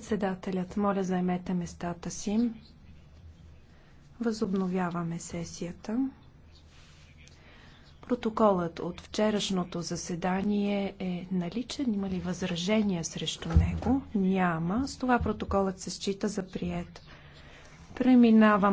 Председателят, моля заемете местата си. Възобновяваме сесията. Протоколът от вчерашното заседание е наличен. Има ли възражения срещу него? Няма. С това протоколът се счита за прият. Преминавам